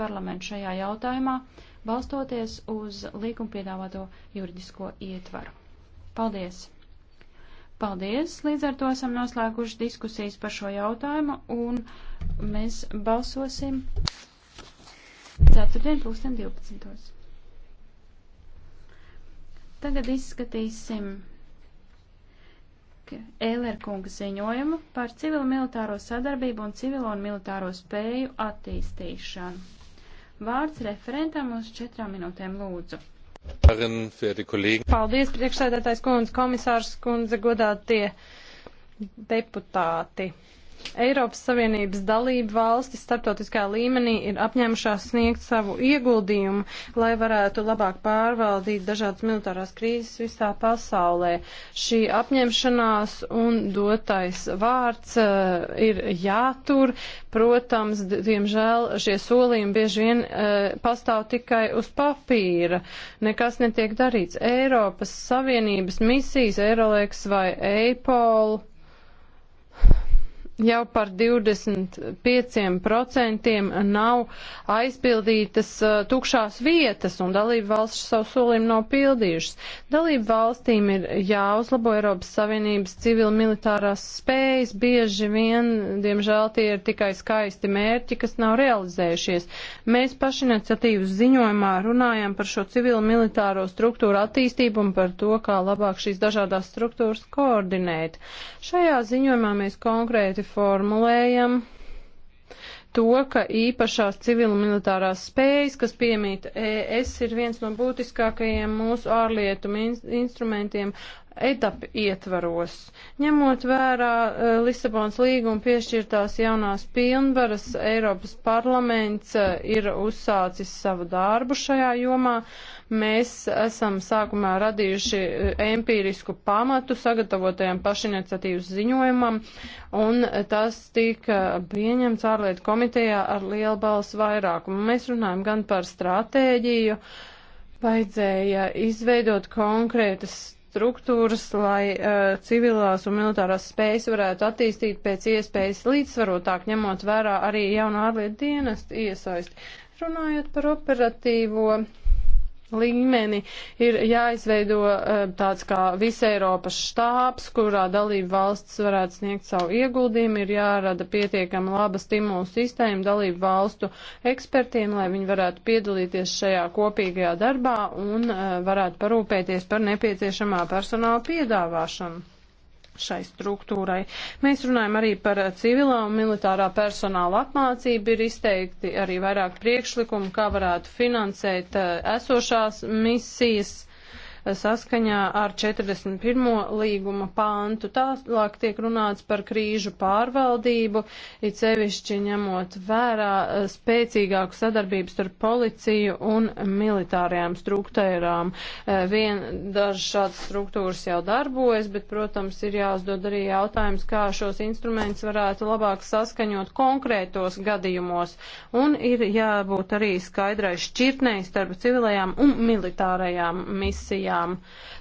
parlamentu šajā jautājumā, balstoties uz līguma piedāvāto juridisko ietvaru. Paldies! Paldies! Līdz ar to esam noslēguši diskusijas par šo jautājumu un mēs balsosim 4. pulksten 12. Tagad izskatīsim Ēlerkunga ziņojumu par civil-militāro sadarbību un civilo un militāro spēju attīstīšanu. Vārds referentam uz četrām minūtēm lūdzu. Paldies, priekšsēdētājs kundze, komisārs kundze, godātie deputāti. Eiropas Savienības dalību valstis starptautiskā līmenī ir apņēmušās sniegt savu ieguldījumu, lai varētu labāk pārvaldīt dažādas militārās krīzes visā pasaulē. Šī apņemšanās un dotais vārds uh, ir jātur. Protams, diemžēl šie solījumi bieži vien uh, pastāv tikai uz papīra. Nekas netiek darīts. Eiropas Savienības misijas, Eiroleks vai Eipol jau par 25% nav aizpildītas uh, tukšās vietas, un dalību valsts savu solījumu nav pildījušas. Dalību valstīm ir jāuzlabo Eiropas Savienības civil-militārās spējas, bieži vien, diemžēl, tie ir tikai skaisti mērķi, kas nav realizējušies. Mēs pašiniciatīvas ziņojumā runājam par šo civil-militāro struktūru attīstību un par to, kā labāk šīs dažādās struktūras koordinēt. Šajā ziņojumā mēs konkrēti formulējam to, ka īpašās civil-militārās spējas, kas piemīta ES, ir viens no būtiskākajiem mūsu ārlietu instrumentiem, EDAP ietvaros. Ņemot vērā e, Lisabons līguma piešķirtās jaunās pilnvaras, Eiropas parlaments e, ir uzsācis savu darbu šajā jomā. Mēs esam sākumā radījuši e, empirisku pamatu sagatavotajam pašiniciatīvas ziņojumam, un tas tika pieņemts ārlietu komitejā ar lielu balsu vairākumu. Mēs runājam gan par stratēģiju, vajadzēja izveidot konkrētas struktūras, lai uh, civilās un militārās spējas varētu attīstīt pēc iespējas līdzsvarotāk, ņemot vērā arī jauno ārlietu dienestu iesaisti. Runājot par operatīvo līmeni ir jāizveido eh, tāds kā visa Eiropas štābs, kurā dalību valsts varētu sniegt savu ieguldījumu, ir jārada pietiekama laba stimulu sistēma dalību valstu ekspertiem, lai viņi varētu piedalīties šajā kopīgajā darbā un eh, varētu parūpēties par nepieciešamā personāla piedāvāšanu šai struktūrai. Mēs runājam arī par civilā un militārā personāla apmācību. Ir izteikti arī vairāk priekšlikumu, kā varētu finansēt eh, esošās misijas saskaņā ar 41. līguma pāntu. Tālāk tiek runāts par krīžu pārvaldību, it sevišķi ņemot vērā eh, spēcīgāku sadarbības ar policiju un militārajām struktūrām. Eh, vien dažas šādas struktūras jau darbojas, bet, protams, ir jāuzdod arī jautājums, kā šos instrumentus varētu labāk saskaņot konkrētos gadījumos. Un ir jābūt arī skaidrai šķirtnei starp civilajām un militārajām misijām misijām.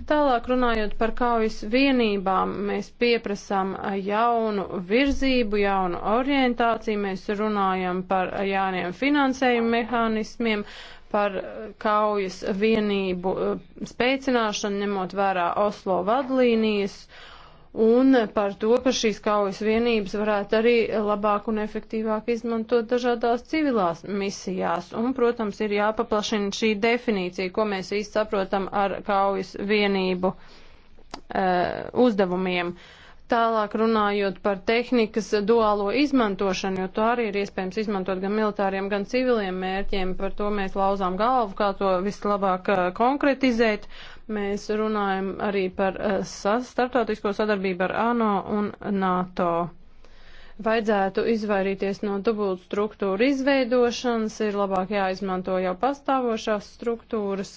Tālāk runājot par kaujas vienībām, mēs pieprasām jaunu virzību, jaunu orientāciju, mēs runājam par jauniem finansējumu mehānismiem, par kaujas vienību eh, spēcināšanu, ņemot vērā Oslo vadlīnijas un par to, ka šīs kaujas vienības varētu arī labāk un efektīvāk izmantot dažādās civilās misijās. Un, protams, ir jāpaplašina šī definīcija, ko mēs īsti saprotam ar kaujas vienību uh, uzdevumiem. Tālāk runājot par tehnikas duālo izmantošanu, jo to arī ir iespējams izmantot gan militāriem, gan civiliem mērķiem, par to mēs lauzām galvu, kā to vislabāk uh, konkretizēt. Uh, Mēs runājam arī par eh, starptautisko sadarbību ar ANO un NATO. Vajadzētu izvairīties no dubult struktūru izveidošanas, ir labāk jāizmanto jau pastāvošās struktūras,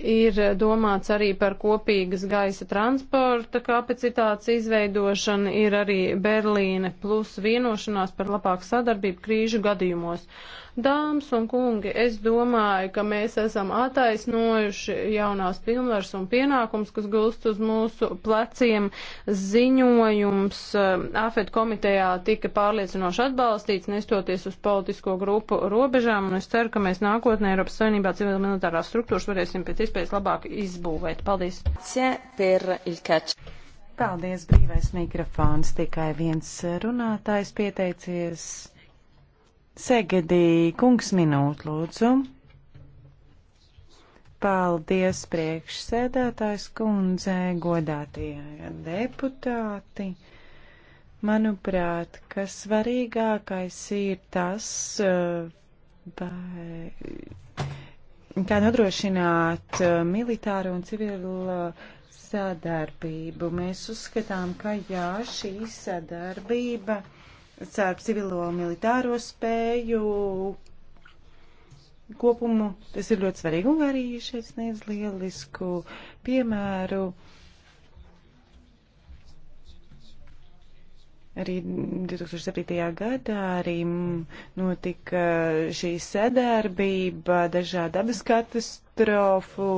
Ir domāts arī par kopīgas gaisa transporta kapacitātes izveidošanu, ir arī Berlīne plus vienošanās par labāku sadarbību krīžu gadījumos. Dāmas un kungi, es domāju, ka mēs esam attaisnojuši jaunās pilnvaras un pienākums, kas gulst uz mūsu pleciem. Ziņojums um, AFET komitejā tika pārliecinoši atbalstīts, nestoties uz politisko grupu robežām, un es ceru, ka mēs nākotnē Eiropas Savienībā civil militārās struktūras varēsim pēc iespējas labāk izbūvēt. Paldies! Paldies, brīvais mikrofons. Tikai viens runātājs pieteicies. Segedī, kungs minūte, lūdzu. Paldies, priekšsēdētājs kundze, godātie deputāti. Manuprāt, kas svarīgākais ir tas, eh, vai kā nodrošināt uh, militāru un civilu uh, sadarbību. Mēs uzskatām, ka jā, šī sadarbība starp civilo un militāro spēju kopumu tas ir ļoti svarīgi un arī šeit sniedz lielisku piemēru. Uh, Arī 2007. gadā arī notika uh, šī sadarbība dažādu dabas katastrofu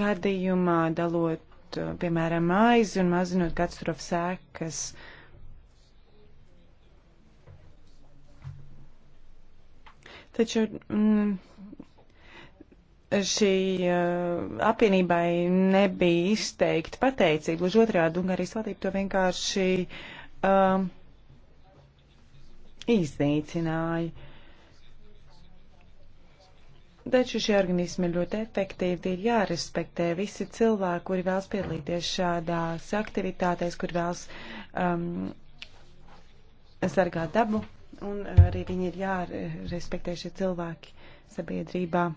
gadījumā, dalot, uh, piemēram, maizi un mazinot katastrofu sēkas. Taču mm, šī uh, apvienībai nebija izteikti pateicība. Lūdzu, otrādi, Ungārijas valdība to vienkārši uh, um, iznīcināja. Taču šie organismi ir ļoti efektīvi, ir jārespektē visi cilvēki, kuri vēlas piedalīties šādās aktivitātēs, kur vēlas um, sargāt dabu, un arī viņi ir jārespektē šie cilvēki sabiedrībā.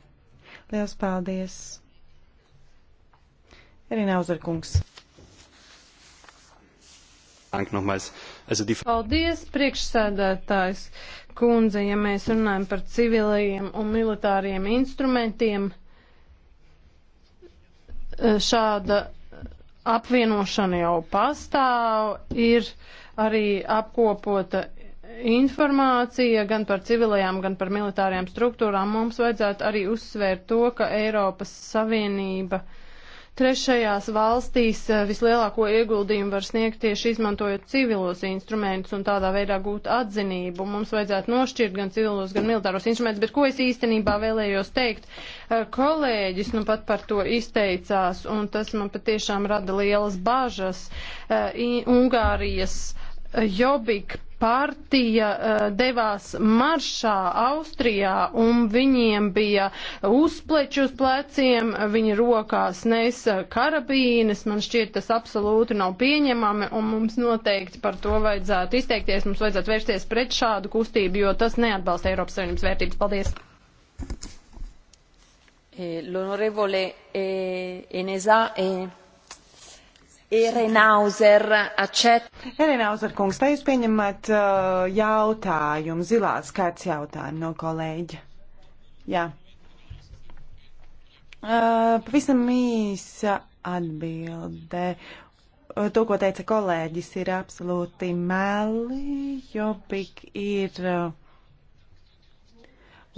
Liels paldies! Arī Nauzarkungs. Paldies, priekšsēdētājs kundze, ja mēs runājam par civilajiem un militāriem instrumentiem. Šāda apvienošana jau pastāv, ir arī apkopota informācija gan par civilajām, gan par militārajām struktūrām. Mums vajadzētu arī uzsvērt to, ka Eiropas Savienība uh, Trešajās valstīs eh, vislielāko ieguldījumu var sniegt tieši izmantojot civilos instrumentus un tādā veidā gūt atzinību. Mums vajadzētu nošķirt gan civilos, gan militāros instrumentus, bet ko es īstenībā vēlējos teikt? Eh, kolēģis nu pat par to izteicās, un tas man patiešām rada lielas bažas. Eh, Ungārijas Jobbik partija uh, devās maršā Austrijā un viņiem bija uzpleči uz pleciem, viņi rokās nesa eh, karabīnes, man šķiet tas absolūti nav pieņemami un mums noteikti par to vajadzētu izteikties, mums vajadzētu vērsties pret šādu kustību, jo tas neatbalsta Eiropas Savienības vērtības. Paldies! Eh, l'onorevole eh, Enesa e Erinauzer accet. Erinauzer kungs, tā jūs pieņemat uh, jautājumu, zilās kārtas jautājumu no kolēģa. Jā. Uh, pavisam īsa atbilde. Uh, to, ko teica kolēģis, ir absolūti meli, jo big ir. Uh,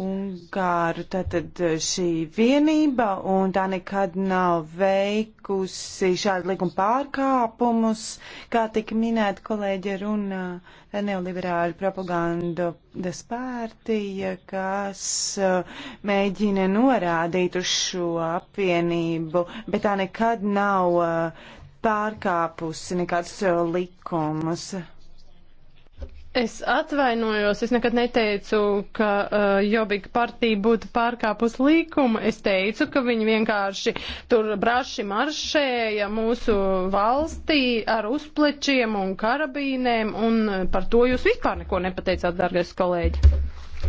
Ungāru tātad eh, šī vienība, un tā nekad nav veikusi šādu likumu pārkāpumus, kā tika minēta kolēģa runa eh, neoliberāļu propagandas pārtīja, kas eh, mēģina norādīt uz šo apvienību, bet tā nekad nav pārkāpusi nekādus likumus. Es atvainojos, es nekad neteicu, ka uh, Jobika partija būtu pārkāpus līkumu. Es teicu, ka viņi vienkārši tur braši maršēja mūsu valstī ar uzplečiem un karabīnēm, un par to jūs vispār neko nepateicāt, dargais kolēģi.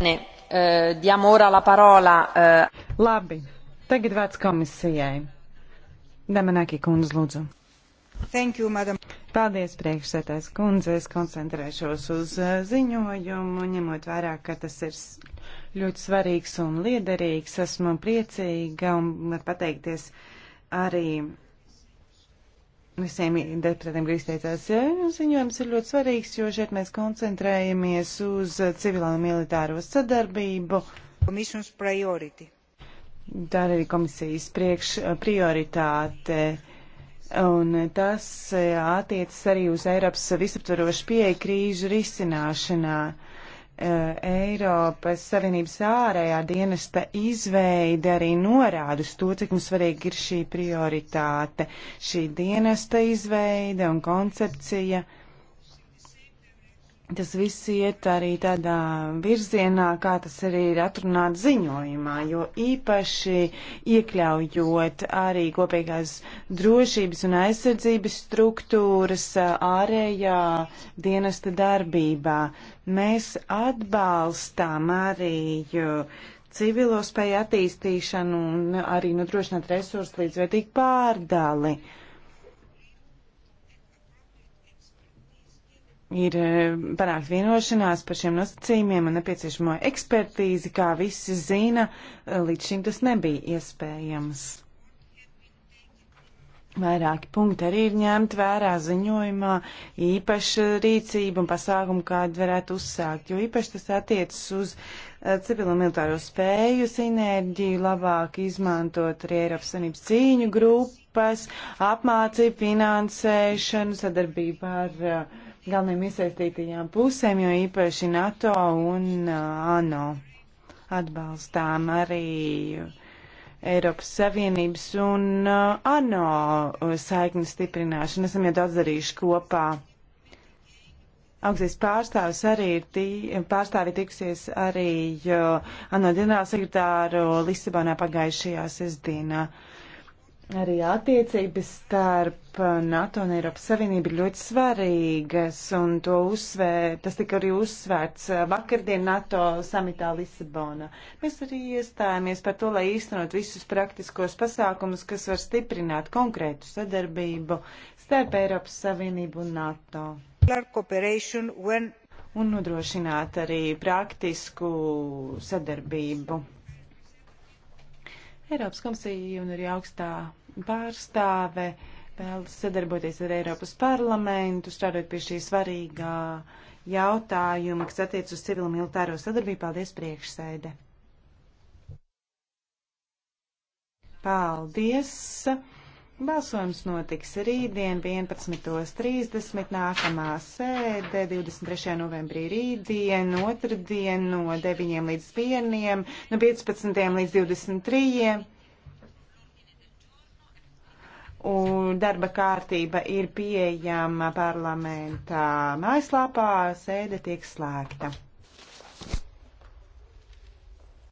Ne, uh, eh, diam ora la parola. Uh... Labi, tagad vārds komisijai. Demenēki kundze, lūdzu. Thank you, madam. Paldies, priekšsētājs kundze. Es koncentrēšos uz uh, ziņojumu, ņemot vērā, ka tas ir ļoti svarīgs un liederīgs. Esmu priecīga un var pateikties arī visiem deputātiem, kas izteicās. Nu, ziņojums ir ļoti svarīgs, jo šeit mēs koncentrējamies uz uh, civilā un militāro sadarbību. Tā ir arī komisijas priekš prioritāte. Uh, Un tas e, attiecas arī uz Eiropas visaptvarošu pieeju krīžu risināšanā. E, Eiropas Savienības ārējā dienesta izveide arī norāda uz to, cik mums svarīgi ir šī prioritāte, šī dienesta izveide un koncepcija. Uh, tas viss iet arī tādā virzienā, kā tas arī ir atrunāts ziņojumā, jo īpaši iekļaujot arī kopīgās drošības un aizsardzības struktūras ārējā dienesta darbībā. Mēs atbalstām arī civilo spēju attīstīšanu un arī nodrošināt resursu līdzvērtīgu pārdali. Uh, ir eh, panākt vienošanās par šiem nosacījumiem un nepieciešamo ekspertīzi, kā visi zina, eh, līdz šim tas nebija iespējams. Vairāki punkti arī ir ņemti vērā ziņojumā, īpaši rīcība un pasākumu, kādu varētu uzsākt, jo īpaši tas attiecas uz eh, civilo militāro spēju sinerģiju, labāk izmantot arī Eiropas Sanības cīņu grupas, apmācību, finansēšanu, sadarbību ar uh, galvenajām iesaistītajām pusēm, jo īpaši NATO un ANO atbalstām arī Eiropas Savienības un ANO saiknes stiprināšanu. Esam jau daudz darījuši kopā. Augstais pārstāvis arī ir tī, pārstāvi tiksies arī ANO ģenerālsekretāru Lisabonā pagājušajā sestdienā. Uh, Arī attiecības starp uh, NATO un Eiropas Savienību ir ļoti svarīgas, un to uzsvēr, tas tika arī uzsvērts uh, vakardien NATO samitā Lisabona. Mēs arī iestājāmies par to, lai īstenot visus praktiskos pasākumus, kas var stiprināt konkrētu sadarbību starp Eiropas Savienību un NATO. When... Un nodrošināt arī praktisku sadarbību. Eiropas komisija un arī augstā pārstāve vēlas sadarboties ar Eiropas parlamentu, strādāt pie šī svarīgā jautājuma, kas attiec uz civilu militāro sadarbību. Paldies, priekšsēde! Paldies! Balsojums notiks rītdien 11.30, nākamā sēde 23. novembrī rītdien, otrdien no 9 līdz 1, no 15 līdz 23. Un darba kārtība ir pieejama parlamentā mājaslapā, sēde tiek slēgta.